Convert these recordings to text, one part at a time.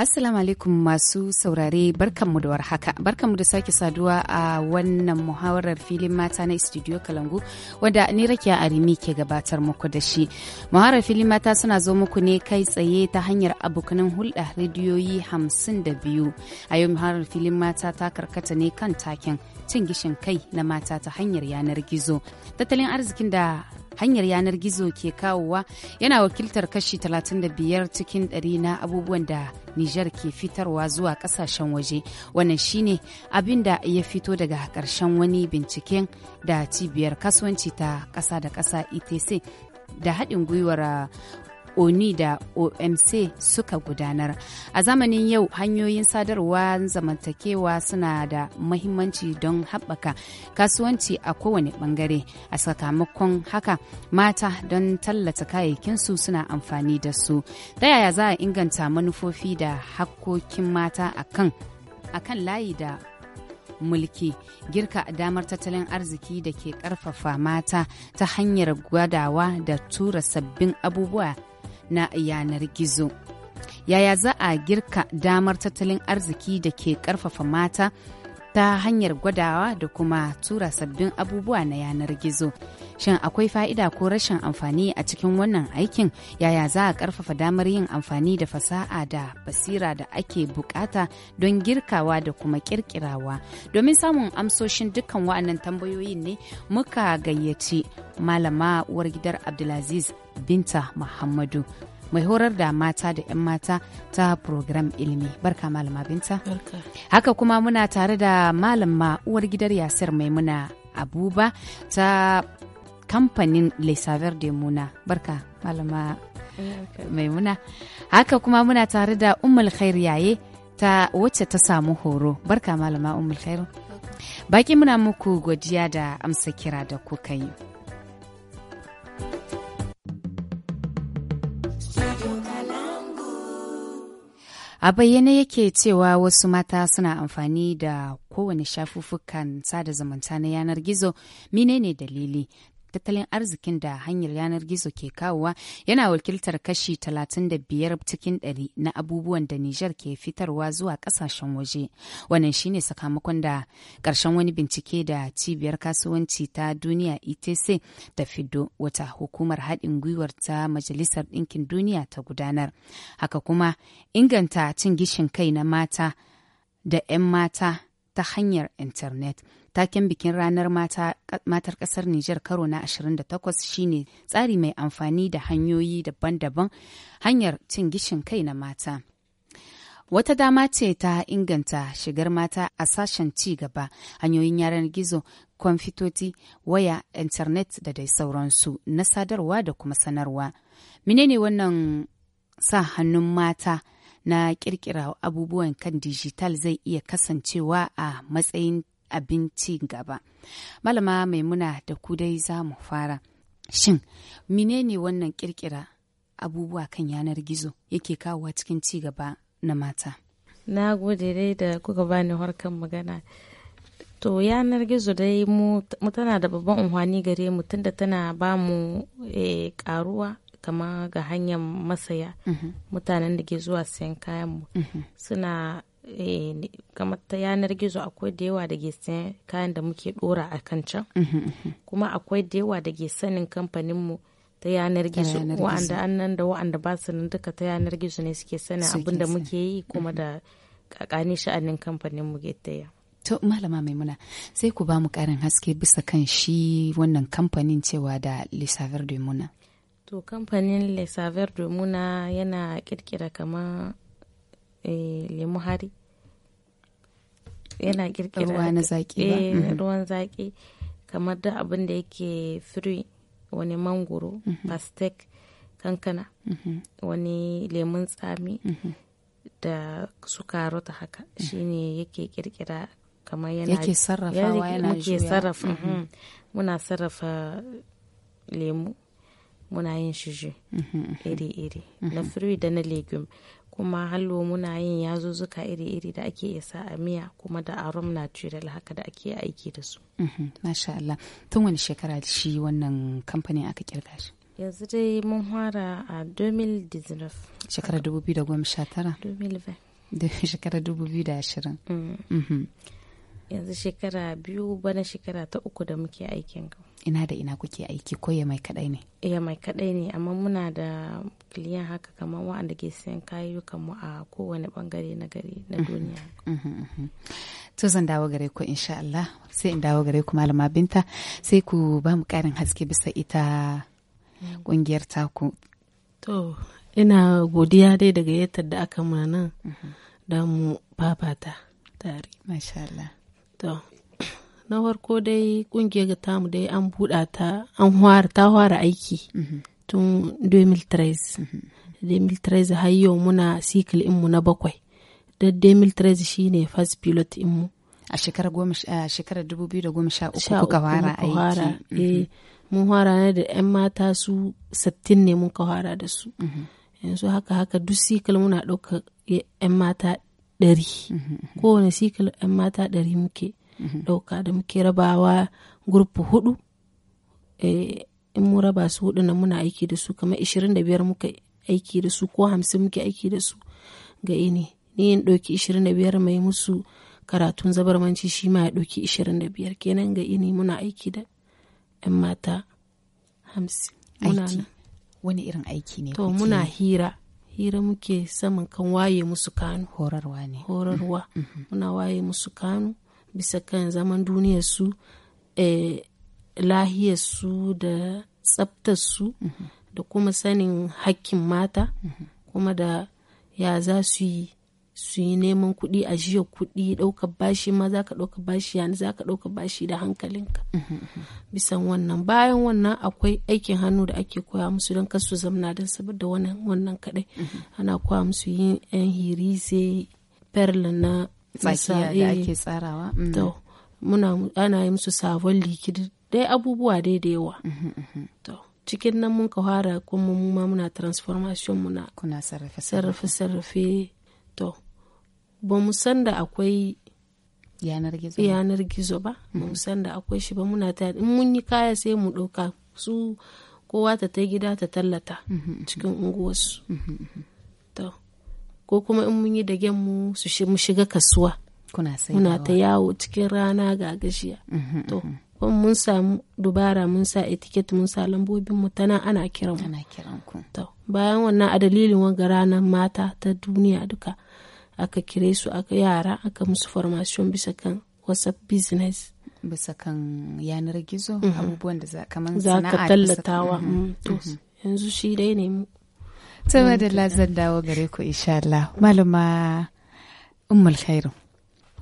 Assalamu alaikum masu saurare barkanmu da warhaka barkanmu da sake saduwa a wannan muhawarar filin mata na studio Kalangu wadda ni rakiya Arimi ke gabatar muku da shi. Muhawarar filin mata suna zo muku ne kai tsaye ta hanyar abokanan hulɗa rediyoyi hamsin da biyu. A yau muhawarar filin mata ta karkata ne kan takin cin gishin kai na mata ta hanyar yanar gizo tattalin arzikin da hanyar yanar gizo ke kawowa yana wakiltar kashi 35 cikin 100 na abubuwan da Nijar ke fitarwa zuwa kasashen waje wannan shine abin da ya fito daga ƙarshen wani binciken da cibiyar kasuwanci ta ƙasa da ƙasa ITC e da haɗin gwiwar oni da omc suka gudanar a zamanin yau hanyoyin sadarwa zamantakewa suna da mahimmanci don haɓaka kasuwanci a kowane ɓangare a sakamakon haka mata don tallata kayayyakinsu suna amfani da su ta yaya za a inganta manufofi da hakkokin mata a kan layi da mulki girka damar tattalin arziki da ke karfafa mata ta hanyar gwadawa da tura sabbin abubuwa na yanar gizo. Yaya za a girka damar tattalin arziki da ke ƙarfafa mata ta hanyar gwadawa da kuma tura sabbin abubuwa na yanar gizo. Shin akwai fa'ida ko rashin amfani a cikin wannan aikin yaya za a ƙarfafa damar yin amfani da fasaha da basira da ake bukata don girkawa da kuma ƙirƙirawa. Domin samun amsoshin dukkan wa'annan tambayoyin ne muka gayyaci malama uwar gidar Abdulaziz Binta Muhammadu mai horar da mata da 'yan mata ta program ilimi barka malama binta haka kuma muna tare da malama uwar gidar yasir maimuna abuba ta kamfanin lesaver de muna barka malama maimuna haka kuma muna tare da umul khair yaye ta wacce ta samu horo barka malama umul khair baki muna muku godiya da amsa kira da kuka yi A bayyane yake cewa wasu mata suna amfani da kowane shafuffukan sada zumunta na yanar gizo menene dalili tattalin arzikin da hanyar yanar gizo ke kawowa yana wakiltar kashi 35 cikin 100 na abubuwan da Nijar ke fitarwa zuwa kasashen waje. Wannan shine sakamakon da karshen wani bincike da cibiyar kasuwanci ta duniya ETC da FIDO wata hukumar haɗin gwiwar ta Majalisar Ɗinkin Duniya ta gudanar. Haka kuma inganta cin gishin kai na mata da 'yan mata ta hanyar intanet Taken bikin ranar matar ƙasar Nijar karo na 28 shine tsari mai amfani da hanyoyi daban-daban hanyar cin gishin kai na mata. Wata dama ce ta inganta shigar mata a sashen ci gaba, hanyoyin yaran gizo, kwamfitoci, waya, intanet da dai sauransu na sadarwa da kuma sanarwa. Menene wannan sa hannun mata na kirkira abubuwan kan dijital zai iya kasancewa a matsayin abinci gaba malama maimuna da ku dai za mu fara shin menene wannan kirkira abubuwa kan yanar gizo yake kawowa cikin ci gaba na mata na gode dai da kuka bani harkar magana to yanar gizo dai mu tana da babban unhwani gare mu tunda tana ba mu karuwa eh, kama ga hanyar masaya mhm. mutanen da ke zuwa sayan kayan mu mhm. suna Eh, kamar ta yanar gizo akwai da yawa da ke sayan kayan da muke dora a kan can uhm, uhm, uhm. kuma akwai da yawa da ke sanin kamfaninmu ta yanar gizo wa'anda annan da wa'anda ba su nan duka ta yanar gizo ne suke sanin abin da muke yi kuma da kakani sha'anin kamfaninmu ke taya. To malama maimuna sai ku ba mu karin haske bisa kan shi wannan kamfanin cewa da lissaver de muna. To kamfanin lissaver de muna yana kirkira kamar eh, lemu hari yana kirkira ruwa na zaki ba eh, mm-hmm. ruwan zaki kamar da abin da yake free wani mangoro mm-hmm. pastek kankana mm-hmm. wani lemun tsami da su karota haka shine yake kirkira kamar yana yake sarrafawa yana juya sarrafa muna sarrafa lemu muna yin shi iri-iri na fruit da na legume kuma hallo muna yin yazuzuka iri-iri da ake isa sa a miya kuma da arom natural haka da ake aiki da su. Mhm, masha Allah, tun wani shekara shi wannan kamfanin aka kirga shi? Yanzu dai mun fara a 2019. Shekarar 2019? 2020. Shekarar 2020. Yanzu shekara biyu bana shekara ta uku da muke aikin kan. ina da ina kuke aiki ko ya mai kadai ne eh, ya mai kadai ne amma muna da kiliyan haka kamar wa'anda ke sayan kayayyukan mu a kowane bangare na gari na mm-hmm. duniya mm-hmm, mm-hmm. to zan dawo gare ku insha Allah sai in dawo gare ku malama binta sai ku ba mu karin haske bisa ita kungiyar mm. ta ku. to ina godiya dai daga yatar da aka mana da mu babata tare masha Allah to na farko dai kungiyar tamu dai an buɗa ta an fara ta fara aiki mhm. tun 2013 2013 mhm. har yau muna sikil inmu na bakwai da 2013 shine first pilot inmu a shekarar goma 2013 kuka fara aiki mhm. eh, mun fara ne da yan mata su 60 ne mun ka fara da su yanzu haka haka duk sikil muna ɗauka yan mata dari. kowane sikil yan mata dari muke ɗauka mhm. da muke rabawa gurfi hudu eh, in mu raba su hudu na muna aiki da su kamar ishirin da biyar muka aiki da su ko hamsin muke aiki da su ga ini ni yin ɗauki ishirin da biyar mai musu karatun zabarmanci shi ma ya ɗauki ishirin da biyar kenan ga ini muna aiki da 'yan mata hamsin muna wani irin aiki ne to muna hira hira muke saman kan waye musu kanu horarwa ne horarwa mhm. muna waye musu kanu bisa kan zaman duniyarsu eh, lahiyarsu da tsaftarsu mm da kuma sanin hakkin mata kuma da ya za su yi su yi neman kuɗi a jiya kuɗi ɗaukar bashi ma za ka ɗaukar bashi yana za ka ɗaukar bashi da hankalinka bisan wannan bayan wannan akwai aikin hannu da ake koya musu don kasu zamna don saboda wannan kaɗai ana koya musu yin yan hirise perla na tsakiya da ake eh. tsarawa mm. to muna ana yi musu sabon likid dai abubuwa dai da yawa mm, mm, to cikin nan mun ka fara kuma mu ma muna transformation muna kuna sarrafe sarrafe sarrafe to ba mu san da akwai yanar gizo yanar gizo ba ba mu san da akwai shi ba muna ta in mun yi kaya sai mu ɗauka su kowa ta ta gida ta tallata cikin unguwarsu ko kuma in mun yi da mu su mu shiga kasuwa kuna muna ta yawo cikin rana ga gajiya mm-hmm, to mm-hmm. kuma mun samu dubara mun sa etiket mun sa lambobin mu tana ana kiran mu ana kiran to bayan wannan a dalilin wanga ranar mata ta duniya duka aka kire su aka yara aka musu formation bisa kan whatsapp business bisa kan yanar gizo mm-hmm. abubuwan da za kaman sana'a za ka tallatawa yanzu shi dai ne to da zan dawo gare ku insha Allah malama ummul khairu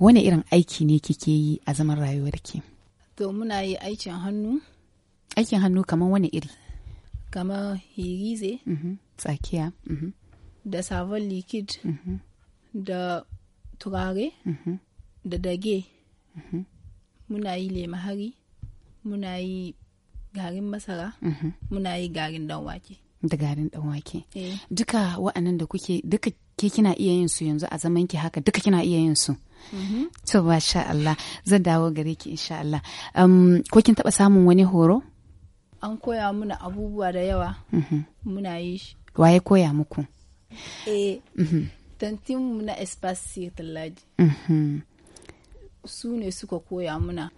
wani irin aiki ne kike yi a zaman rayuwarki to muna yi aikin hannu aikin hannu kamar wani iri kamar hirize mm-hmm. tsakiya mm-hmm. da sabon likid mm-hmm. da turare da dage muna yi lemahari muna yi garin masara muna yi garin wake da garin dan wake eh. duka wa'annan da kuke duka ke kina iya yin su yanzu a zaman ki haka duka kina iya yin su mm-hmm. to ba sha Allah zan dawo gare ki insha Allah um, ko kin taba samun wani horo an koya muna abubuwa da yawa mm-hmm. muna yi shi waye koya muku eh mm-hmm. tantin mu na espasi tallaji su ne suka koya muna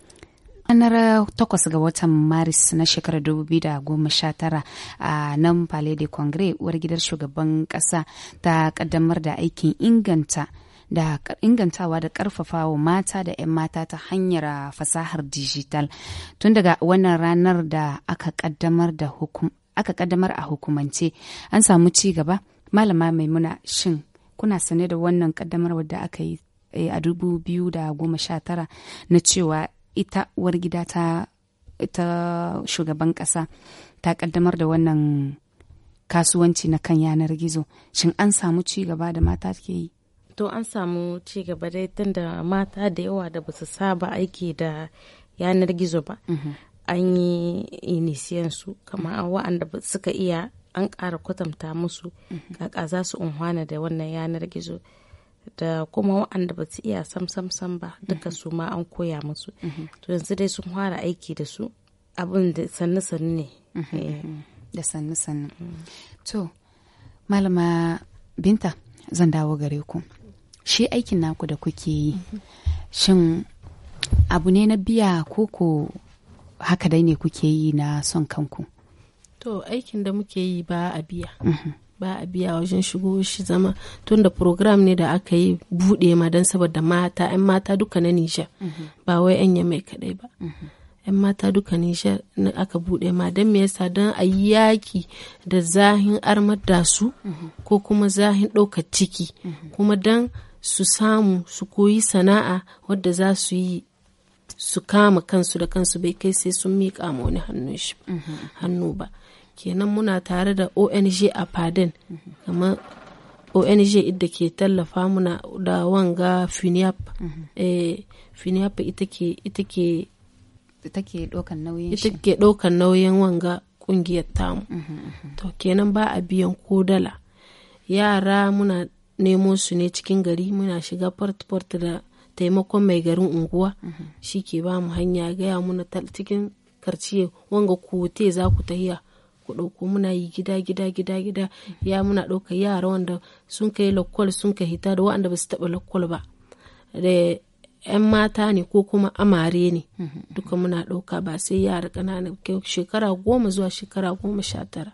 ranar 8 eh, ga watan maris na shekarar 2019 a nan palais de congrès uwar gidar shugaban kasa ta kaddamar da aikin inganta da ingantawa da wa mata da 'yan mata ta hanyar eh, fasahar digital tun daga wannan ranar da aka kaddamar a hukumance an samu ci gaba malama maimuna shin kuna sane da wannan kaddamar wadda aka yi eh, a 2019 na cewa ita uwar gida ta ita shugaban kasa ta ƙaddamar da wannan kasuwanci na kan yanar gizo shin an samu ci da mata ke yi to an samu cigaba gaba dai tunda mata da yawa da ba su saba aiki da yanar gizo ba mhm. an yi inisiyan su kamar mhm. wa'anda suka iya an ƙara kwatanta musu mhm. kaka za su unhwana da wannan yanar gizo da kuma waɗanda ba su iya sam sam sam ba duka mhm. su ma an koya musu mhm. to yanzu dai sun fara aiki da su abin da sannu sannu ne mhm, eh. da sannu sannu mm. to malama binta zan dawo gare ku shi aikin naku da kuke yi shin abu ne na biya ko koko haka dai ne kuke yi na son kanku to aikin da muke yi ba a biya ba a biya wajen shigo shi zama tunda program ne da aka yi buɗe ma don saboda mata 'yan mata duka na nijar mhm. ba wai 'yan mai kaɗai ba 'yan mhm. mata duka nijar na aka buɗe ma don me yasa don a yi yaki da zahin armar da su mhm. ko kuma zahin ɗaukar ciki kuma don su samu su koyi sana'a wadda za su yi su kama kansu da kansu bai kai sai sun miƙa ma wani hannun ba. hannu ba kenan muna tare da ong a fadin kamar ong idda ke tallafa muna da wanga finiap mhm. eh, finiap ita ke ɗaukan nauyin ita ke ɗaukan nauyin wanga kungiyar tamu mhm, mhm. to kenan ba a biyan ko dala yara muna nemo su ne cikin gari muna shiga port-port da taimakon mai garin unguwa shi ke ba mu hanya gaya muna cikin karciye wanga kote za ku tahiya ku ɗauko muna yi gida gida gida gida ya muna ɗauka yara wanda sun kai lakwal sun ka hita da waɗanda ba su taɓa lakwal ba da 'yan mata ne ko kuma amare ne duka muna ɗauka ba sai yara ƙanana shekara goma zuwa shekara goma sha tara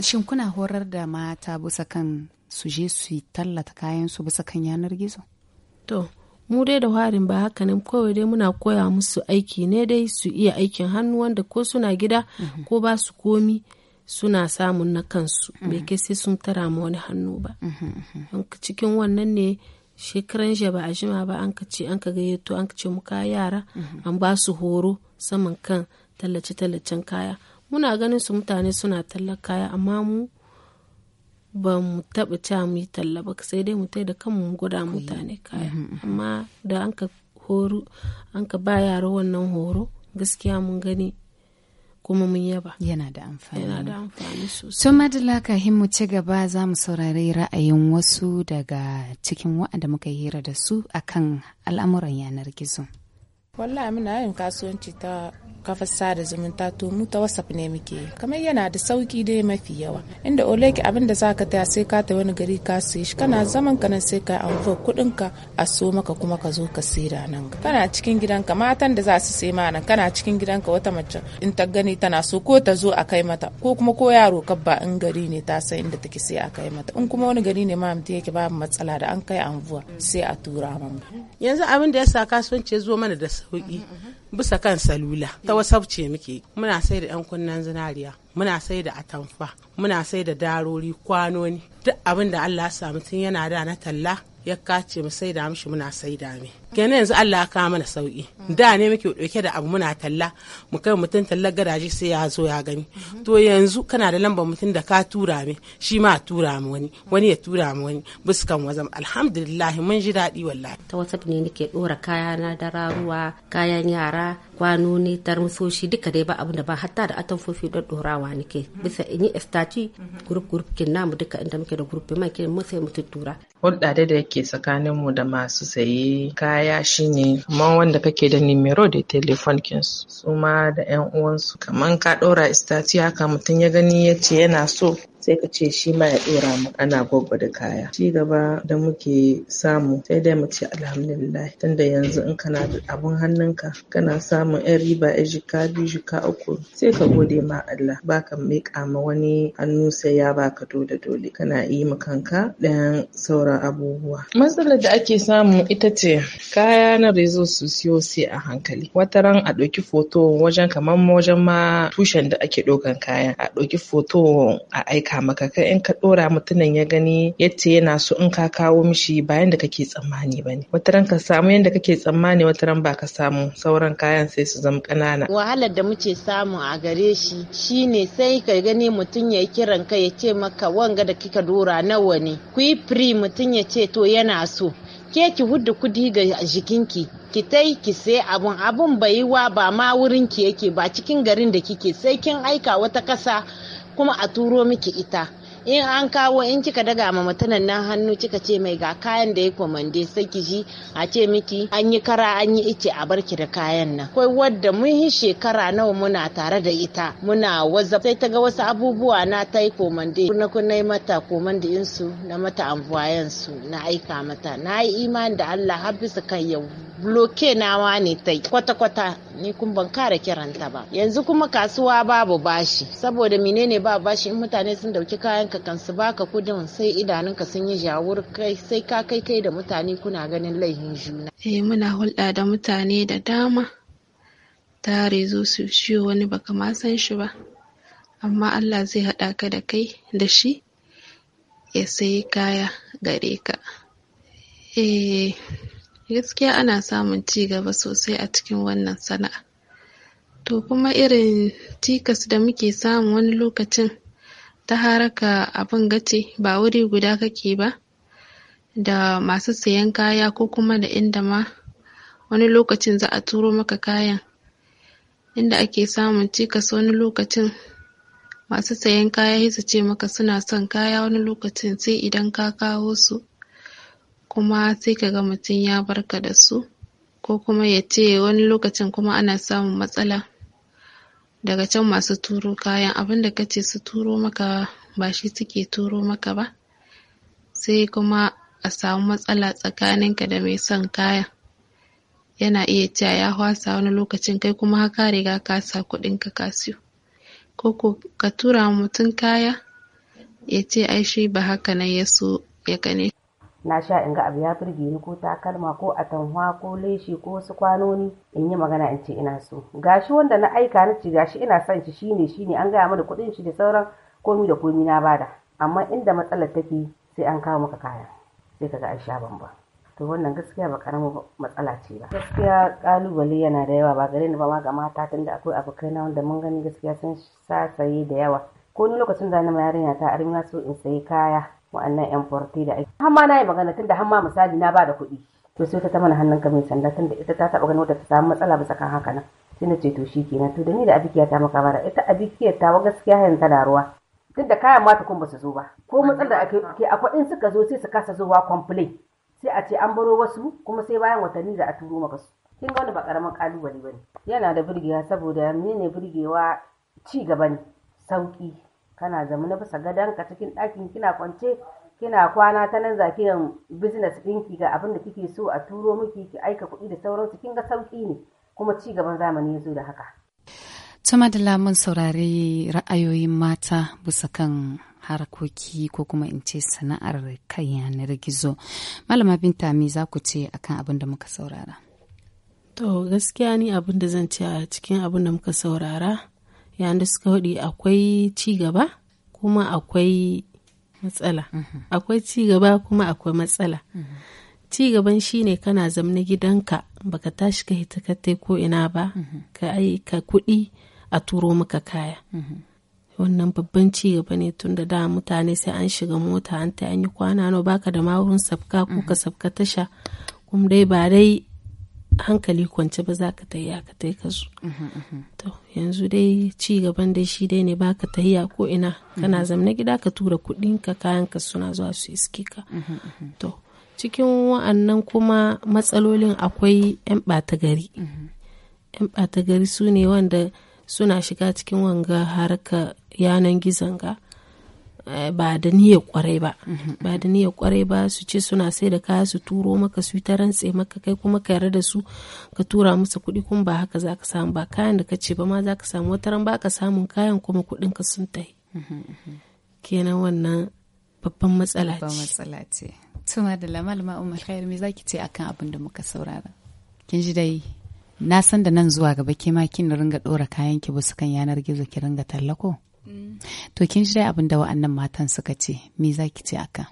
shin kuna horar da mata bisa kan su je su tallata kayan su bisa kan yanar gizo to mu dai da harin ba haka nan kawai dai muna koya musu aiki ne dai su iya aikin hannu wanda ko suna gida mhm. ko ba su komi suna samun na kansu mhm. bai kai sai sun tara ma wani hannu ba mhm, cikin wannan ne shekaran ba a jima ba an ka ce an ka gayyato an ka ce muka yara an ba su horo saman kan tallace-tallacen kaya muna ganin su mutane suna tallar kaya amma mu ba mu taɓa ca mu yi talla ba sai dai mu tai da kanmu mu gwada mutane kaya mhm, mhm. amma da an ka horo an ka ba yara wannan horo gaskiya mun gani kuma mun yaba yana da amfani sosai madalla kahin mu ci gaba za mu saurari ra'ayin wasu daga cikin wa'anda muka hira da su akan al'amuran yanar gizo wallahi muna yin kasuwanci ta kafar sada zumunta to mu ta whatsapp ne muke kamar yana da sauki dai mafi yawa inda oleki abin da zaka taya sai ka ta wani gari ka sai shi kana zaman ka nan sai ka anfa kuɗin ka a so maka kuma ka zo ka da nan kana cikin gidanka matan da za su sai ma nan kana cikin gidanka wata mace in ta gani tana so ko ta zo a kai mata ko kuma ko yaro kabba in gari ne ta san inda take sai a kai mata in kuma wani gari ne ma mutum yake babu matsala da an kai anguwa sai a tura mamu yanzu abin da ya sa kasuwanci ya zo mana da sauki bisa kan salula ta ce muke muna sai da yan kunnen zinariya muna sai da atamfa muna sai da darori kwanoni duk abin da Allah samu tun yana da na talla ya kace mu sai da mishi muna sai da mi kenan yanzu Allah ya kawo mana sauki da ne muke dauke da abu muna talla mu kai mutum talla garaje sai ya zo ya gani to yanzu kana da lambar mutum da ka tura mi shi ma tura mu wani wani ya tura mu wani buskan wazam alhamdulillah mun ji dadi wallahi ta wata ne nake dora kaya na dararuwa ruwa kayan yara kwanoni tarmusoshi duka dai ba abu da ba hatta da atamfofi don dorawa nake bisa in yi estati grup grup kin namu duka inda muke da grup man kin mu sai mu tuttura hulɗa da da yake tsakanin mu da masu saye kaya shine Kaman wanda kake da numero da telefon kin su ma da yan uwansu kaman ka ɗora estati haka mutum ya gani ya ce yana so sai ka ce shi ma ya ɗora mu ana da kaya ci gaba da muke samu sai dai mu ce alhamdulillah tunda yanzu in kana da abun hannunka kana samun yan riba yan jika biyu jika uku sai ka gode ma Allah Ba ka miƙa ma wani hannu sai ya baka dole dole kana yi ma kanka ɗayan sauran abubuwa matsalar da ake samu ita ce kaya na rezo su siyo sai a hankali wata ran a ɗauki foto wajen kamar wajen ma tushen da ake ɗaukan kaya a ɗauki foto a aika aika maka ka in ka dora mutumin ya gani yace yana so in ka kawo mishi bayan da kake tsammani ba. Wata wataran ka samu yanda kake tsammani wataran ba ka samu sauran kayan sai su zama kanana wahalar da muke samu a gare shi shine sai ka gani mutum ya kiran ka ya ce maka wanga da kika dora nawa ne ku yi mutum ya ce to yana so ke ki hudu kudi ga jikinki ki tai ki sai abun abun bai wa ba ma wurin ki yake ba cikin garin da kike sai kin aika wata kasa kuma a turo miki ita in an kawo in kika daga ma mutunan nan hannu kika ce mai ga kayan da ya komande sai ki ji a ce miki an yi kara an yi ice a barki da kayan nan akwai wadda mun yi shekara nawa muna tare da ita muna waza sai ta ga wasu abubuwa na ta yi komande na yi mata komande in su na mata amfuwayen su na aika mata na yi imani da Allah har bisa kan yau bloke nawa ne ta kwata-kwata ni kun ban kara kiranta ba yanzu kuma kasuwa babu bashi saboda menene babu bashi in mutane sun dauki kayan ka kan baka kudin sai idanunka sun yi jawur kai sai ka kai kai da mutane kuna ganin laihin juna. Eh muna hulɗa da mutane da dama. Tare zo su ciwo wani baka ma san shi ba. Amma Allah zai haɗa ka da kai da shi ya sayi kaya gare ka. Eh gaskiya ana samun ci gaba sosai a cikin wannan sana'a. To kuma irin tikas da muke samu wani lokacin ta haraka abin gace ba wuri guda kake ba da masu sayan kaya ko kuma da inda ma wani lokacin za a turo maka kayan inda ake samun cikas wani lokacin masu sayan kaya su ce maka suna son kaya wani lokacin sai idan ka kawo su kuma sai ka ga mutum ya barka da su ko kuma ya ce wani lokacin kuma ana samun matsala daga can masu turo kayan abinda ka ce su turo maka ba shi suke turo maka ba sai kuma a samu matsala tsakaninka da mai son kayan yana iya cewa ya hwasa wani lokacin kai kuma haka riga ka sa kuɗin ka ka siyo ko ko ka tura mutum kaya ya ce ai shi ba haka nan ya so ya gane na sha in ga abu ya burge ni ko takalma ko atamwa ko leshi ko wasu kwanoni in yi magana in ce ina so gashi wanda na aika na ce gashi ina son shi shine shine an gaya mana kuɗin shi da sauran komi da komi na bada amma inda matsalar take sai an kawo maka kaya sai ka ga an sha bamba to wannan gaskiya ba karamin matsala ce ba gaskiya kalubale yana da yawa ba gare ni ba ma ga mata tunda akwai abokai na wanda mun gani gaskiya sun sa saye da yawa ko ni lokacin da na yarinya ta armiya so in sayi kaya wa'annan yan forti da ake hamma na yi magana da hamma misali na da kuɗi to sai ta ta mana hannun mai sanda tunda ita ta taɓa ganin ta samu matsala ba kan haka nan sai na ce to shi kenan to da ni da abikiya ta maka bara ita abikiya ta wa gaskiya yanzu tana ruwa duk da kayan mata kun ba su zo ba ko matsalar da ake akwai in suka zo sai su kasa zuwa complain sai a ce an baro wasu kuma sai bayan watanni za a turo maka su kin ga wani ba karamin kalubale bane yana da birgewa saboda ne burgewa ci gaba ne sauki kana zamana bisa gadonka cikin ɗakin kina kwance kina kwana ta nan za kiran business ɗinki ga abin da kike so a turo miki ki aika kuɗi da sauransu kin ga sauƙi ne kuma ci gaban zamani ya zo da haka. Tuma da lamun saurari ra'ayoyin mata bisa kan harkoki ko kuma in ce sana'ar kan yanar gizo. Malama Binta me za ku ce akan abin da muka saurara? To gaskiya ni abin da zan ce a cikin abin da muka saurara yayin da suka hudu akwai ci gaba kuma akwai matsala mhm. akwai ci kuma akwai matsala mhm. ci gaban shine kana zamna gidanka baka tashi ka hita ka ko ina ba mhm. ka aika kuɗi a turo maka kaya wannan babban ci gaba ne tun da mutane sai an shiga mota an ta yi kwana no baka da ma wurin sabka ko ka sabka tasha kuma dai ba dai hankali kwance ba za ka tahiya ka tai ka zo mhm, mhm. to yanzu dai ci gaban da shi dai ne baka tahiya ko ina kana mhm. zamna gida ka tura kudin ka kayan ka suna zuwa su iske ka to cikin wa'annan kuma matsalolin akwai 'yan ɓata gari 'yan bata gari su ne wanda suna shiga cikin wanga harka yanan gizon Eh, ba da niyyar kwarai ba mhm. ba da niyyar kwarai ba su ce suna sai da kaya su turo maka su ta rantse maka kai kuma ka yarda da su ka tura musu kuɗi kun ba haka za ka samu ba kayan da ka ce ba ma za ka samu wata ran ka samun kayan kuma kuɗin ka sun tai mhm, mhm. kenan wannan babban matsala ce babban matsala ce tuma da lamal ma umar khair me zaki ce akan abin da muka saurara kin ji dai na san da nan zuwa gaba ke ma kin ringa dora kayan ki bisa kan yanar gizo ki ringa tallako To kin ji dai abin da wa'annan matan suka ce, me za ki ce akan?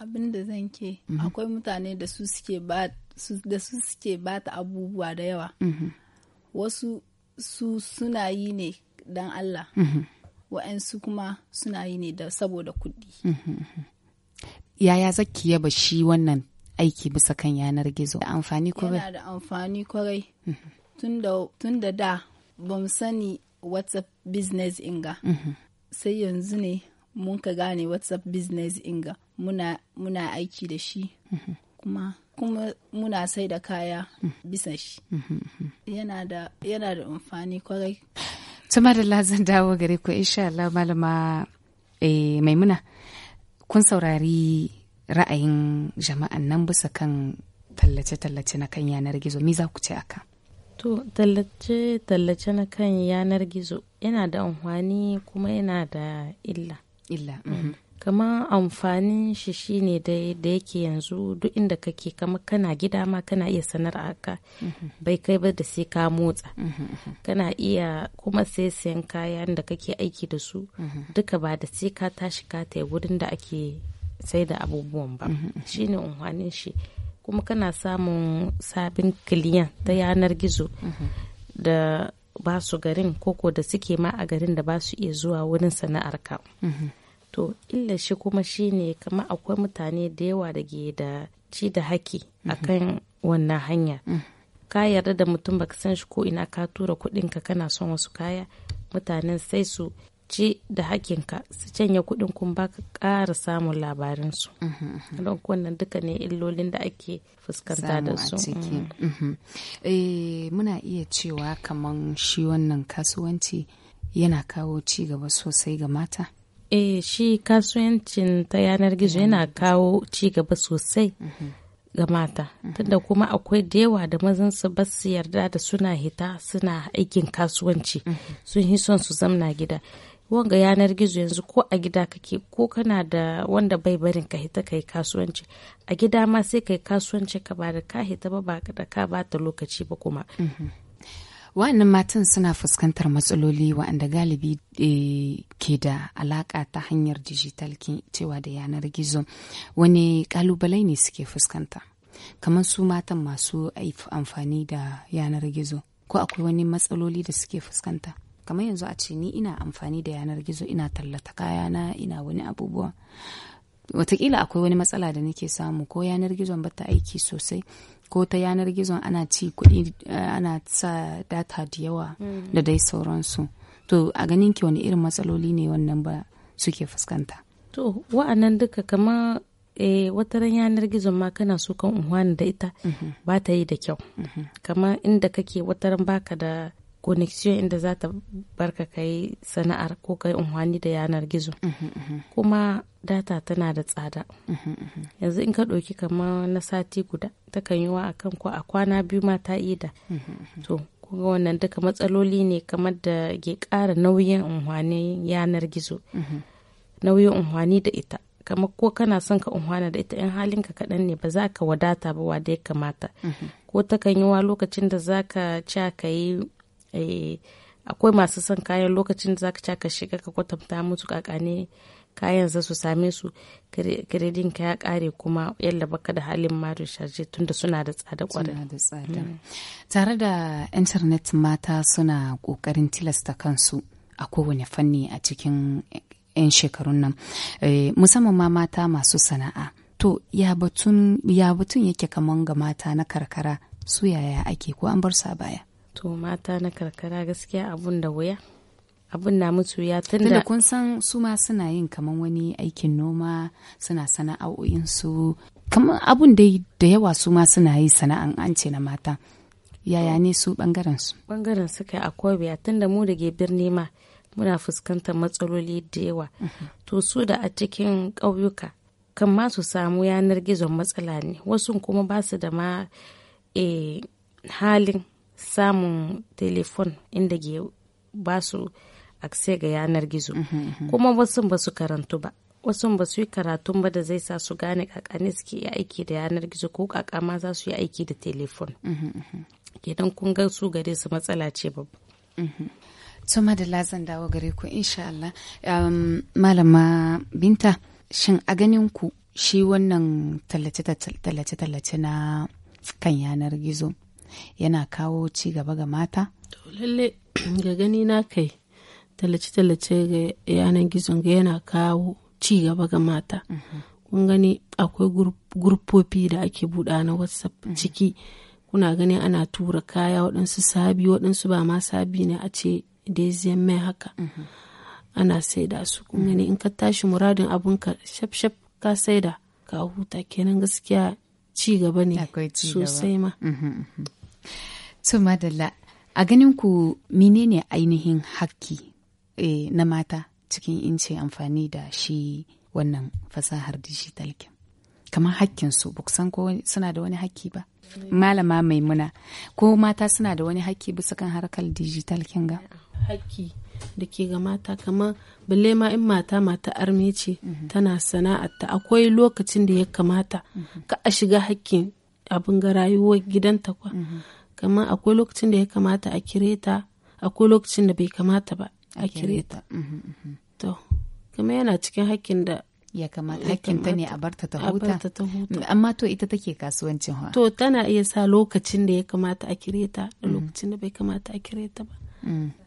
Abin da zan ke, mhm. akwai mutane da su suke ba ta abubuwa da yawa. Mhm. Wasu su suna yi ne dan Allah. Mhm. Wa'ansu kuma suna yi ne saboda kuɗi. Yaya zaki yaba shi wannan aiki bisa kan yanar gizo? Da amfani kwarai? Yana da amfani kwarai. Tun da da ba mu sani whatsapp business inga mm -hmm. sai yanzu ne mun ka gane whatsapp business inga muna, muna aiki da shi mm -hmm. kuma kuma muna sai da kaya mhm. bisa shi mhm, mhm. yana da amfani kwarai tuma da lazan dawo gare ku insha Allah malama eh, maimuna kun saurari ra'ayin jama'an nan bisa kan tallace-tallace na kan yanar gizo me za ku ce aka To tallace-tallace na kan yanar gizo yana da amfani kuma yana da illa. Illa. Mm. Mhm. Kamar amfanin shi shine da yake yanzu duk inda kake kama kana gida ma kana iya sanar ka mhm. bai kai ba da sai ka motsa. Mhm, kana iya kuma sai sayan kayan da kake aiki da su duka ba da sai ka tashi ka wurin da ake sai da abubuwan ba. Shine amfanin shi. kuma kana samun sabin kiliyan ta yanar gizo da ba su garin koko da suke ma a garin da ba su iya zuwa wurin sana'arka to illa shi kuma shi ne kama akwai mutane da yawa da ke da ci da haki kan wannan hanya ka yarda da mutum baka san shi ko ina ka tura kuɗin ka kana son wasu kaya mutanen sai su ci da hakinka su canya kuɗin kun ba ka ƙara samun labarinsu mhm. don wannan duka ne illolin da ake fuskanta da su mhm. Mhm. Eh, muna iya cewa kaman shi wannan kasuwanci yana kawo ci gaba sosai ga mata eh shi kasuwancin ta yanar gizo yana kawo ci gaba sosai ga mata tunda kuma akwai da yawa da mazan su ba su yarda da suna hita suna aikin kasuwanci sun yi son su zamna gida wanga yanar gizo yanzu ko a gida kake ko kana da wanda bai barin ka hita kai kasuwanci a gida ma sai kai kasuwanci ka ba da ka hita ba da ka bata lokaci ba kuma mhm. wa'annan matan suna fuskantar matsaloli wa'anda galibi eh, ke da alaka ta hanyar digital cewa da yanar gizo wani kalubalai ne suke fuskanta kamar su matan masu amfani da yanar gizo ko akwai wani matsaloli da suke fuskanta kamar yanzu a ce ni ina amfani da yanar gizo ina tallata kayana ina wani abubuwa watakila akwai wani matsala da nake samu ko yanar gizon bata aiki sosai ko ta yanar gizon ana ci kuɗi eh, ana sa data da yawa mm-hmm. da dai sauransu to a ganin ki wani irin matsaloli ne wannan ba suke fuskanta to wa'annan duka kamar e eh, wataran yanar gizon ma kana so kan unhwani da ita mm-hmm. ba ta yi da kyau mm-hmm. kama inda kake wataran baka da connection inda za ta barka kai sana'ar ko kai unhwani da yanar gizo mhm, mhm. kuma data tana da tsada mhm, yanzu in ka ɗauki kamar na sati guda ta kan yi wa akan ko a kwana biyu ma ta yi da. to kuma wannan duka matsaloli ne kamar da ke ƙara nauyin unhwani yanar gizo nauyin unhwani da ita kamar ko kana son ka unhwana da ita in halinka kaɗan ne ba za ka wadata ba wa da ya kamata ko ta kan yi wa lokacin da za ka ca ka yi Eh, akwai masu son kayan lokacin da zaka ka shiga ka kwatanta musu kakane kayan za su same su kiredin ka ya kare kuma yalla baka da halin marin sharje tunda suna da tsada kwarai mm. tare da intanet mata suna kokarin tilasta kansu a kowane fanni a cikin 'yan shekarun nan eh, musamman ma mata masu sana'a to ya batun yake kaman ga mata na karkara su yaya ake ko an bar su a baya to mata na karkara gaskiya abun da wuya abun na mutu ya tunda da kun san su ma suna yin kaman wani aikin noma suna sana'o'in su kaman abun da da yawa su ma suna yi sana'an an ce na mata yaya ne su bangaren su bangaren su kai akwai biya tunda mu da ke birni ma muna fuskantar matsaloli da yawa mhm. to su da a cikin ƙauyuka kan ma su samu yanar gizon matsala ne wasu kuma ba su da ma eh, halin samun telefon inda ke ba su akse ga yanar gizo mhm, mhm. kuma wasu ba su karantu ba wasu ba su yi karatun ba da zai sa su gane kakanni suke yi aiki da yanar gizo ko kaka ma za su yi aiki da telefon mhm, kenan kun ga su gare su matsala ce babu. tuma da lazan dawo gare ku insha Allah malama binta shin a ganin ku shi wannan tallace-tallace na kan yanar gizo yana kawo ci gaba ga mata? lalle ga gani na kai talace-talace talace ga yanar gizon ga yana kawo ci gaba ga mata mhm. kun gani akwai gurfofi da ake buɗa na whatsapp mhm. ciki kuna gani ana tura kaya waɗansu sabi waɗansu ba ma sabi ne a ce daisiyan mai haka mhm. ana saida su kun gani in ka tashi muradin abinka shaf-shaf ka saida ka huta kenan gaskiya ci gaba ne sosai ma To madalla, a ganin ku menene ainihin hakki e, na mata cikin ince amfani da shi wannan fasahar digital kin? Kamar hakkinsu, su san ko suna da wani hakki ba? Malama maimuna, ko mata suna da wani hakki bisa kan harkar digital kin ga? Hakki da ke ga mata kamar balle ma in mata mata arme ce mhm. tana sana'arta akwai lokacin da ya kamata mhm. ka a shiga hakkin abin ga rayuwar gidanta kwa. Mhm. kamar akwai lokacin da ya kamata a kire ta akwai lokacin da bai kamata ba a kire ta mhm, mhm. to kamar yana cikin hakkin da ya kamata hakkin ta ne a barta ta huta amma to ita take kasuwancin ha to tana iya sa lokacin da ya kamata a kire ta da mm. lokacin da bai kamata a kire ta ba mm.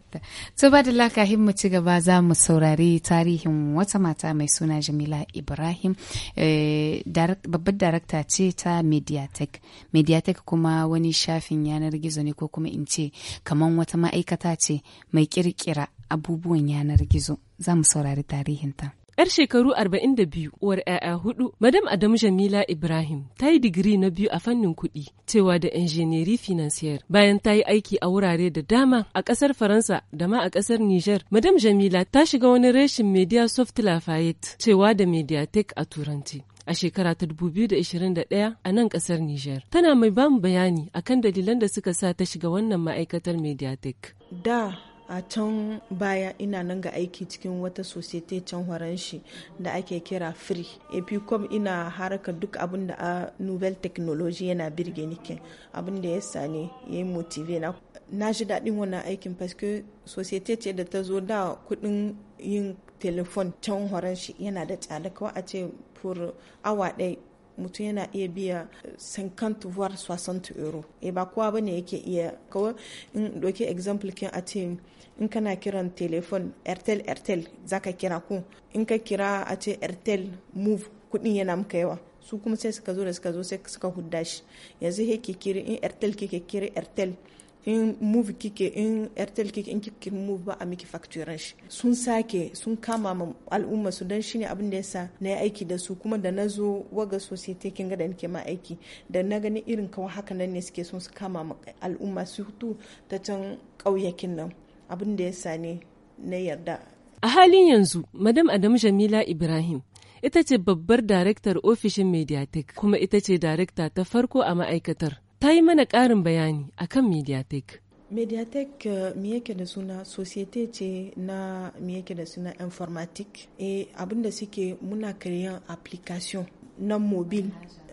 To ba da lakahin mu ci gaba za mu saurari tarihin wata mata mai suna Jamila Ibrahim eh, babbar darakta ce ta Mediatek. Mediatek kuma wani shafin yanar gizo ne ko kuma in ce kaman wata ma'aikata ce mai kirkira abubuwan yanar gizo. Za mu saurari tarihinta. 'Yar shekaru 42 uwar 'ya'ya hudu, Madam Adamu Jamila Ibrahim ta yi digiri na biyu a fannin kuɗi, cewa da injiniyari finansiyar. Bayan ta yi aiki a wurare da dama a ƙasar Faransa da ma a ƙasar Nijar, Madam Jamila ta shiga wani reshin Media Soft Lafayette, cewa da Mediatek a Turanci. a shekara ta 2021 a nan ƙasar Nijar. Tana mai bamu bayani akan dalilan da suka sa ta shiga wannan ma'aikatar Mediatek. Da a can baya ina nan ga aiki cikin wata societe can horanshi da ake kira free epicom ina haraka duk abin da a novel technology yana birge nike abin da ya sani ya yi motive na na ji daɗin wannan aikin paske societe ce da ta zo da kuɗin yin telefon can horanshi yana da tsada kawai a ce awa ɗaya mutum yana iya biya 50 var 60 euro e ba kowa bane yake iya kawai in doke example kin a ce in kana kiran telefon airtel airtel zaka kira ku in ka kira a ce airtel move kudin yana maka yawa su kuma sai suka zo da suka zo sai suka hudda shi yanzu he kiri in airtel ke kiri airtel in move kike in airtel kike in kike move ba a miki facturan shi sun sake sun kama ma al'umma su dan shine abin da yasa na yi aiki da su kuma da na zo waga society kin ga da nake ma aiki da na gani irin kawai haka nan ne suke sun su kama ma al'umma su hutu ta can kauyakin nan abin da yasa ne na yarda a halin yanzu madam adam jamila ibrahim ita ce babbar daraktar ofishin mediatek kuma ita ce darakta ta farko a ma'aikatar ta yi mana ƙarin bayani a kan mediatek mediatek eh, me yake da suna societe ce na me yake da suna informatique e eh, abinda suke muna kariyan application na mobil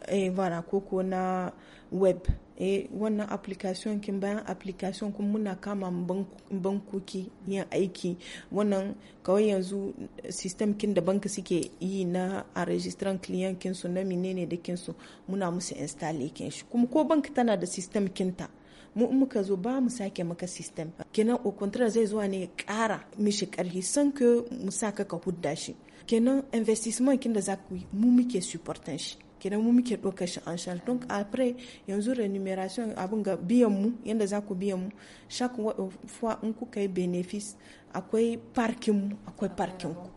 e vara koko na web eh wannan application kin bayan application kuma muna kama bankoki yin aiki wannan kawai yanzu system kin da banka suke yi na a registrar client kin su na menene da kin su muna musu install kin shi kuma ko banka tana da system kinta mu in muka zo ba mu sake maka system kenan o contract zai zuwa ne kara mishi karhi san ke mu saka ka hudda shi kenan investissement kin da za ku yi mu muke supportan shi kenan mu muke ɗauka shi an shar don après yanzu remuneration abin ga biyan mu yanda za ku biyan mu chaque fuwa in kuka yi benefice akwai parkin mu akwai parkin ku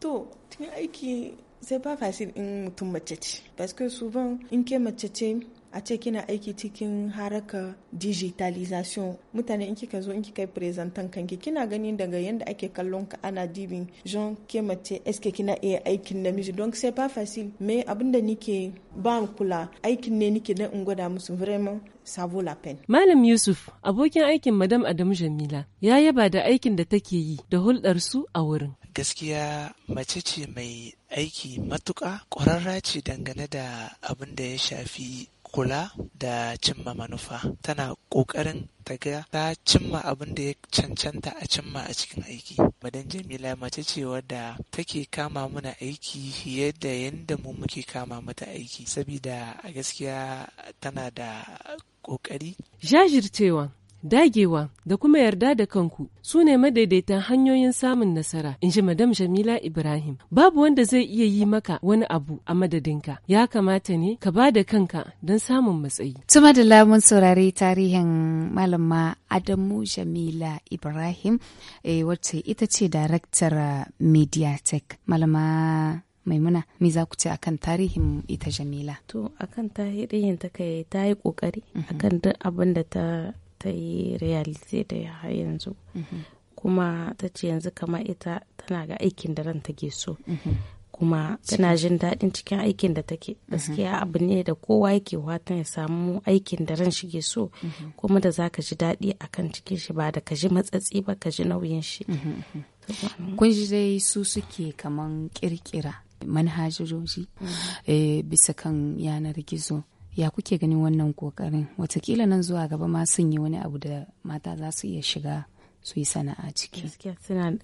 to tun aiki sai ba facile in mutum mace ce parce que souvent in ke mace ce a ce kina aiki cikin haraka digitalization mutane in kika zo in kika yi presentan kanki kina ganin daga yadda ake kallon ka ana dibin jean kemace eske kina iya aikin namiji don sai ba facile me abinda nike ba kula aikin ne nike dan in gwada musu vraiment savo la peine malam yusuf abokin aikin madam adamu jamila ya yaba da aikin da take yi da hulɗar su a wurin gaskiya mace ce mai aiki matuƙa ƙwararra ce dangane da abin da ya shafi kula da cimma manufa tana ƙoƙarin ta ga ta cimma abin da ya cancanta a cimma a cikin aiki. Madan Jamila mace ce wadda take kama mana aiki fiye da yadda mu muke kama mata aiki sabida a gaskiya tana da ƙoƙari. Jajircewa dagewa da kuma yarda da kanku su ne madaidaitan hanyoyin samun nasara in ji madam jamila ibrahim babu wanda zai iya yi maka wani abu a madadinka ya kamata ne ka ba da kanka don samun matsayi tuma da lamun saurari tarihin malama adamu jamila ibrahim eh, wacce ita ce daraktar eh, mediatek malama maimuna me za ku ce akan tarihin ita jamila to akan tarihin ta kai ta yi kokari mhm. akan duk abin da ta ta yi realize da yanzu mhm. kuma ta ce yanzu kama ita tana ga aikin da ran take so mhm. kuma tana jin daɗin cikin aikin da take mhm. gaskiya abu ne da kowa yake watan ya samu aikin da ran ke so kuma da za ka ji daɗi akan cikin shi ba da ka ji matsatsi ba ka ji nauyin shi kun ji dai su suke kaman kirkira manhajojoji eh, bisa kan yanar gizo ya kuke ganin wannan kokarin watakila nan zuwa gaba ma sun yi wani abu da mata za su iya shiga su yi sana'a ciki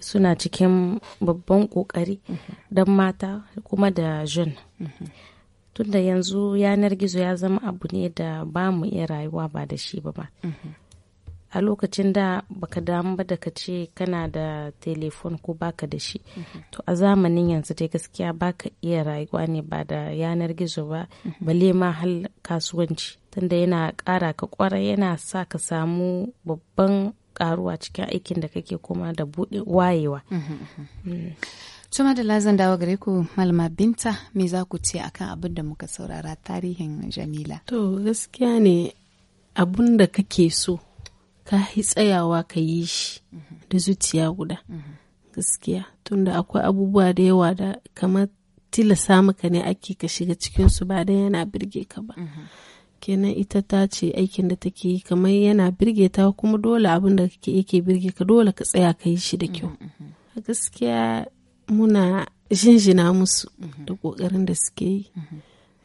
suna cikin babban kokari mhm. don mata kuma da jin mhm. tunda yanzu yanar gizo ya zama abu ne da ba mu iya rayuwa ba da shi ba a lokacin da baka damu ba da ka ce kana da telefon ko baka da shi mhm. to a zamanin yanzu dai gaskiya baka iya rayuwa ne ba da yanar gizo ba mhm. bale ma hal kasuwanci tunda yana ƙara ka kwarai yana sa ka samu babban karuwa cikin aikin da kake koma da buɗe wayewa. Mhm, mm. Tuma da lazan dawo gare ku Malama Binta me za ku ce akan abin da muka saurara tarihin Jamila? To gaskiya ne abun da kake so ka yi tsayawa ka yi shi da zuciya guda gaskiya tunda akwai abubuwa da yawa da kamar tilasa maka ne ake ka shiga cikinsu ba dan yana birge ka ba kenan ita ta ce aikin da take yi kamar yana birge ta kuma dole abin da kake yake birge ka dole ka tsaya ka yi shi da kyau gaskiya muna jinjina musu da kokarin da suke yi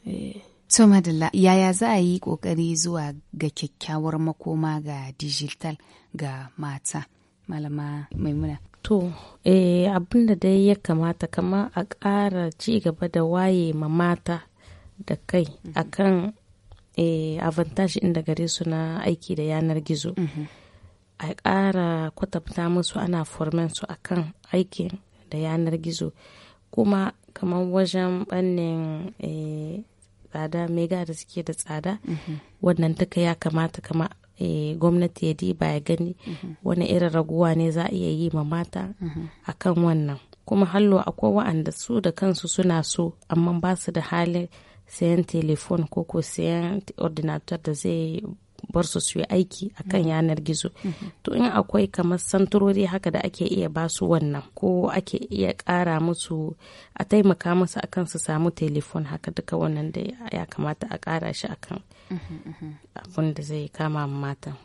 eh, To Madalla, yaya za a yi ƙoƙari zuwa ga kyakkyawar makoma ga digital ga mata? Malama Maimuna. To, eh, abin da dai ya kamata kama a ƙara ci gaba da waye ma mata da kai mm -hmm. akan eh, avantage inda gare su na aiki da yanar gizo. Mhm. A ƙara kwatanta musu ana formen su akan aikin da yanar gizo. Kuma kamar wajen bannin eh, tsada mega da suke da tsada mhm. wannan duka ya kamata kama eh, gwamnati ya ba ya gani mhm. wani irin raguwa ne za a iya yi ma mata mhm. a kan wannan kuma hallo akwai wa'anda su da kansu suna so amma ba su da halin sayan telefon ko ko sayan ordinator da zai bar su su yi aiki a kan mm-hmm. yanar gizo mm-hmm. to in akwai kamar santurori haka da ake iya ba su wannan ko ake iya kara musu a taimaka musu akan su samu telefon haka duka wannan da ya kamata a kara shi akan mm-hmm, abin da zai kama mata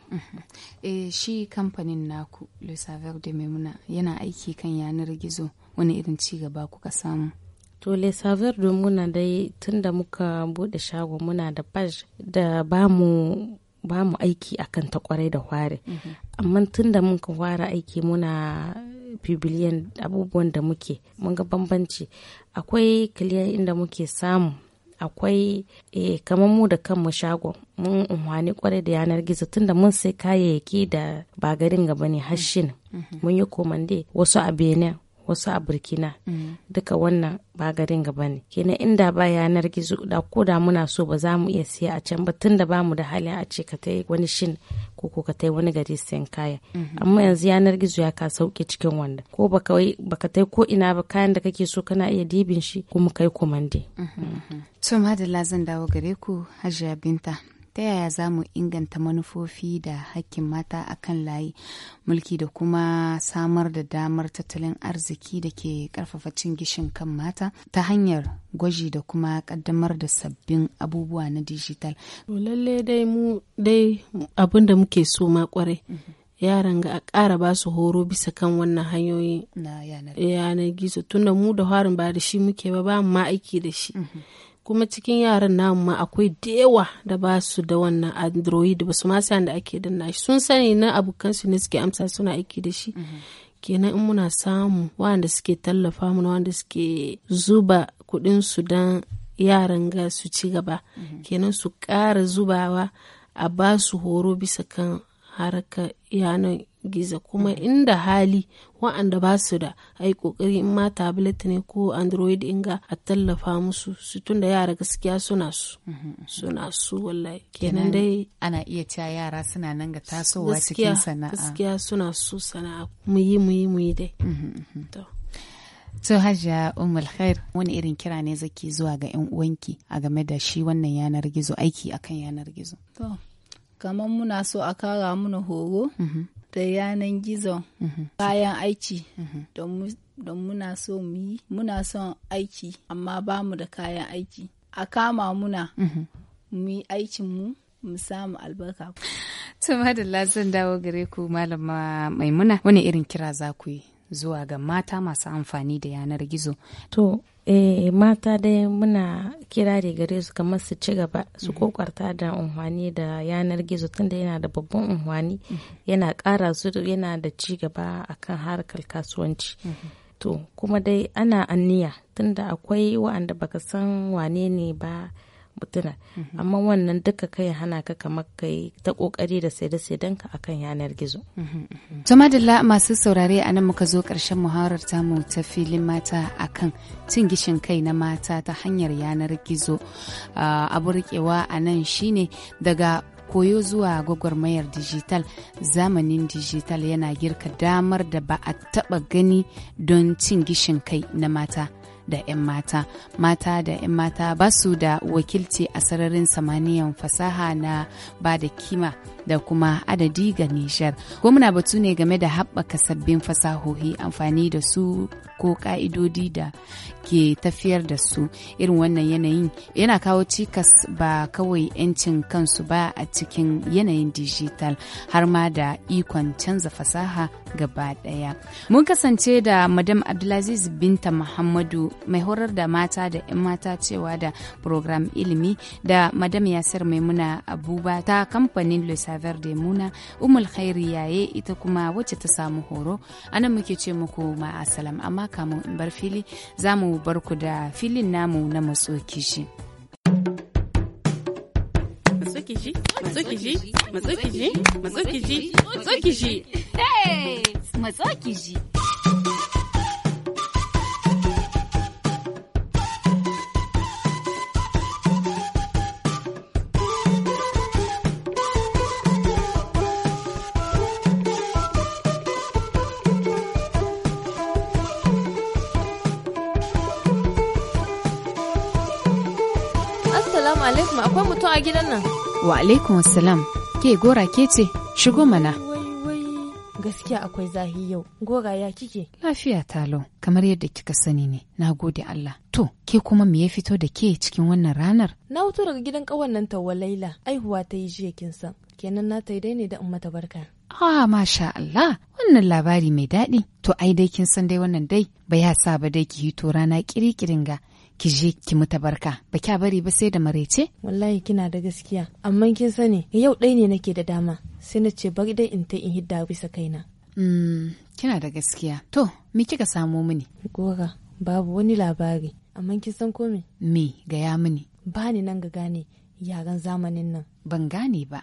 eh, shi kamfanin naku le de memuna yana aiki kan yanar gizo wani irin ci gaba kuka samu to le de muna dai tunda muka bude shago muna da page da bamu ba mu aiki akan ta kwarai da ware amma tun da mun ware aiki muna bibiliyan abubuwan da muke mun ga bambanci akwai kiliyan inda muke samu akwai e, kamar mu da kanmu shago mun umarni kwarai da yanar gizo tunda mun sai kayayyaki da ba garin gaba ne hashin mhm. mun yi komande wasu a benin wasu a burkina mm. duka wannan ba garin gaba ne kenan inda ba yanar gizo da ko da muna so ba za mu iya siya a can ba tun da ba mu da halin a ce ka tai wani shin ko ko ka tai wani gari sayan kaya mm-hmm. amma yanzu yanar gizo ya ka sauke cikin wanda ko baka baka tai ko ina ba kayan da kake so kana iya dibin shi kuma kai komande. Mm-hmm. Mm-hmm. to madalla zan dawo gare ku hajiya binta ta yaya za mu inganta manufofi da hakkin mata a kan layi mulki da kuma samar da damar tattalin arziki da ke karfafa cin gishin kan mata ta hanyar gwaji da kuma kaddamar da sabbin abubuwa na digital. lalle dai mu dai abin da muke so ma kwarai mm-hmm. yaran ga a ƙara ba su horo bisa kan wannan hanyoyi yanar gizo tunda mu da harin ba da shi muke ba ba ma aiki da shi. Mm-hmm. kuma cikin yaran namu ma akwai da yawa da ba su da wannan android ba su ma da ake danna shi sun sani na abokan su ne suke amsa suna aiki da shi mhm. kenan in muna samu wanda suke tallafa mana wanda suke zuba kuɗin su don yaran ga su ci gaba mhm. kenan su ƙara zubawa a ba su horo bisa kan harkar yanar gizo kuma mm. inda hali wa'anda ba su da ai kokari in ma tablet ne ko android inga a tallafa musu su tunda yara gaskiya suna su mm-hmm. suna su wallahi kenan dai ana iya cewa yara suna nan ga tasowa cikin sana'a gaskiya suna su sana'a mu yi mu dai mm-hmm, mm-hmm. to Hajiya Umar Khair wani irin kira ne zaki zuwa ga 'yan uwanki a game da shi wannan yanar gizo aiki akan yanar gizo. To kamar muna so a kara muna horo da mhm. yanan gizo mhm. kayan aiki mhm. don muna so mu yi muna son aiki amma ba mu da kayan aiki a kama muna mu yi aikinmu mu samu albarka. to madalla zan dawo gare ku malama maimuna wani irin kira za ku yi zuwa ga mata masu amfani da yanar gizo to eh mata dai muna kira da gare su kamar su ci gaba su mm-hmm. kokarta da unhwani da yanar gizo tunda yana da babban unhwani mm-hmm. yana kara su yana da ci gaba akan harkar kasuwanci mm-hmm. to kuma dai ana anniya tunda akwai wa'anda baka san wane ne ba mutuna mhm. amma wannan duka kai hana ka kamar kai ta kokari da sai da sai danka akan yanar gizo mhm, mhm. to madalla masu saurare a nan muka zo karshen muhawarar mu ta filin mata akan cin gishin kai na mata ta hanyar yanar gizo ah, abu rikewa a nan shine daga koyo zuwa gwagwarmayar dijital zamanin dijital yana girka damar da ba a taba gani don cin gishin kai na mata da 'yan mata mata da 'yan mata ba su da wakilci a sararin samaniyan fasaha na ba da kima da kuma adadi ga nishar Gwamna batu ne game da haɓaka sabbin fasahohi amfani da su ko ƙa'idodi da ke tafiyar da su irin wannan yanayin yana kawo cikas ba kawai 'yancin kansu ba a cikin yanayin dijital har ma da ikon canza fasaha gaba ɗaya. Mun kasance da Madam Abdulaziz Binta Muhammadu mai horar da mata da 'yan mata cewa da program ilimi da Madam Yasir Maimuna Abuba ta kamfanin Lusa verde muna umul khairi yaye ita kuma wacce ta samu horo nan muke ce muku ma asalam amma kamun in bar fili za mu bar ku da filin namu na matsoki shi matsukiji matsukiji matsukiji matsukiji matsukiji matsukiji akwai mutum a gidan nan wa alaikum salam, ke gora ke ce shigo mana gaskiya akwai zahi yau Gora ya kike lafiya talo kamar yadda kika sani ne na gode Allah to ke kuma me ya fito da ke cikin wannan ranar na wuto daga gidan kawan nan tawalaila aihuwa ta yi jiya kin san kenan na ta yi daine da ummata barka ah masha Allah wannan labari mai daɗi to ai dai kin san dai wannan dai ba ya sa ba dai ki hito rana kirkirin ga ki je ki mu barka. ba kya bari ba sai da marece wallahi kina da gaskiya amma kin sani yau ɗai ne nake da dama sai na ce bari dai in ta in hidda bisa kaina mm, kina da gaskiya to me kika samo mini gora babu wani labari amma kin san ko me me gaya mini ba ni nan ga gane yaran zamanin nan ban gane ba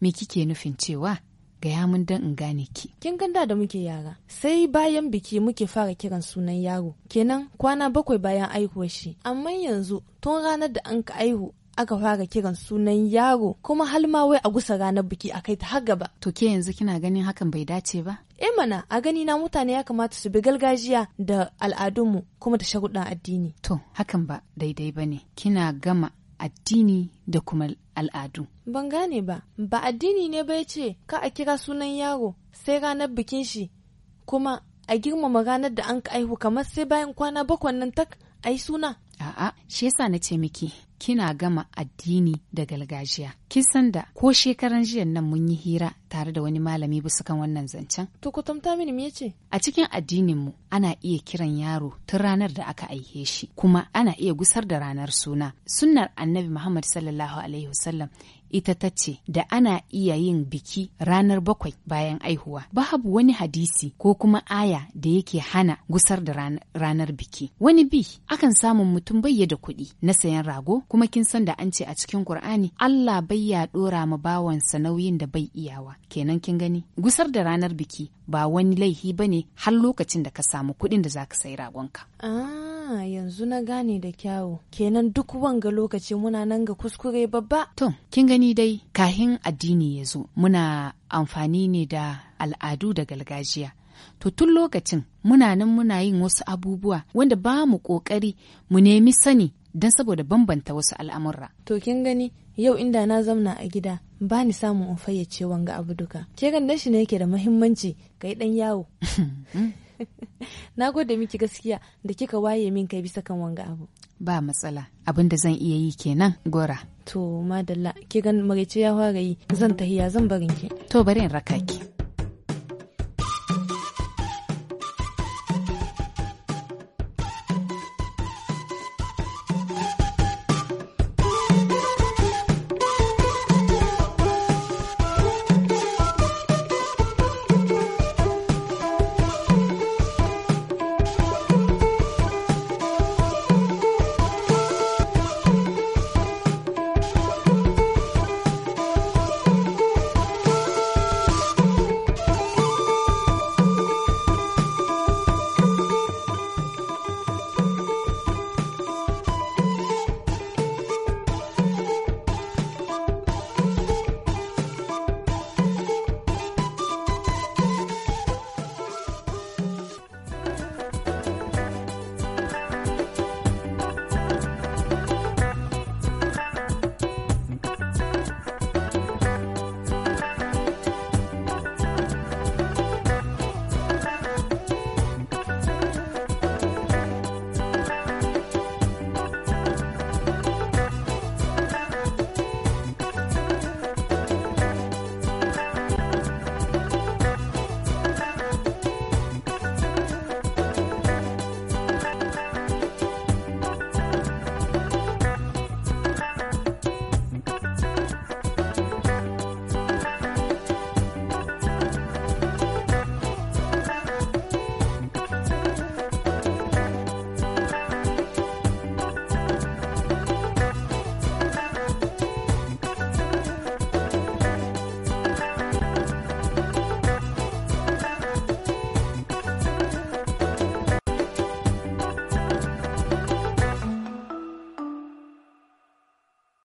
me kike nufin cewa gaya mun dan in gane ki. Kin ganda da muke yara. Sai bayan biki muke fara kiran sunan yaro. Kenan kwana bakwai bayan aihuwar shi. Amma yanzu tun ranar da an ka aihu aka fara kiran sunan yaro kuma har ma wai a gusa ranar biki a kai ta har gaba. To ke yanzu kina ganin hakan bai dace ba? E mana a gani na mutane ya kamata su bi galgajiya da al'adunmu kuma da sharuɗan addini. To hakan ba daidai ba ne. Kina gama addini da kuma al'adu. Ban gane ba, ba addini ne bai ce ka a kira sunan yaro sai ranar bikin shi kuma a girmama ranar da an ka aihu kamar sai bayan kwana bakwan nan tak a yi suna. A'a, shi yasa na ce miki kina gama addini da gargajiya. san da ko shekaran jiya nan mun yi hira tare da wani malami bisa kan wannan zancen. To ku tamta mini me ce? A cikin addinin mu ana iya kiran yaro tun ranar da aka aihe shi kuma ana iya gusar da ranar suna. Sunnar Annabi Muhammad sallallahu alaihi wasallam ita ta ce da ana iya yin biki ranar bakwai bayan aihuwa babu wani hadisi ko kuma aya da yake hana gusar da ranar, biki wani bi akan samun mutum bayya da kuɗi na sayan rago kuma kin san da an ce a cikin Kur'ani Allah bai ya dora ma bawansa nauyin da bai iyawa kenan kin gani gusar da ranar biki ba wani laihi ba ne har lokacin da ka samu kuɗin da za ka sayi ragonka. Ah, yanzu na gane da kyawu. Kenan duk wanga lokaci muna nan ga kuskure babba. To, kin gani dai kahin addini ya zo muna amfani ne da al'adu da gargajiya. To tun lokacin muna nan muna yin wasu abubuwa wanda ba mu ƙoƙari mu nemi sani don saboda bambanta wasu al'amurra. To kin gani yau inda na zamna a gida ba ni samun in fayyace wanga abu duka. Ke gandan shi ne yake da muhimmanci yi dan yawo. na gode miki gaskiya da kika waye min kai bisa kan wanga abu. Ba matsala abin da zan iya yi kenan gora. To madalla ke gan maraice ya fara yi zan tahiya zan barin ki. To bari in raka ki.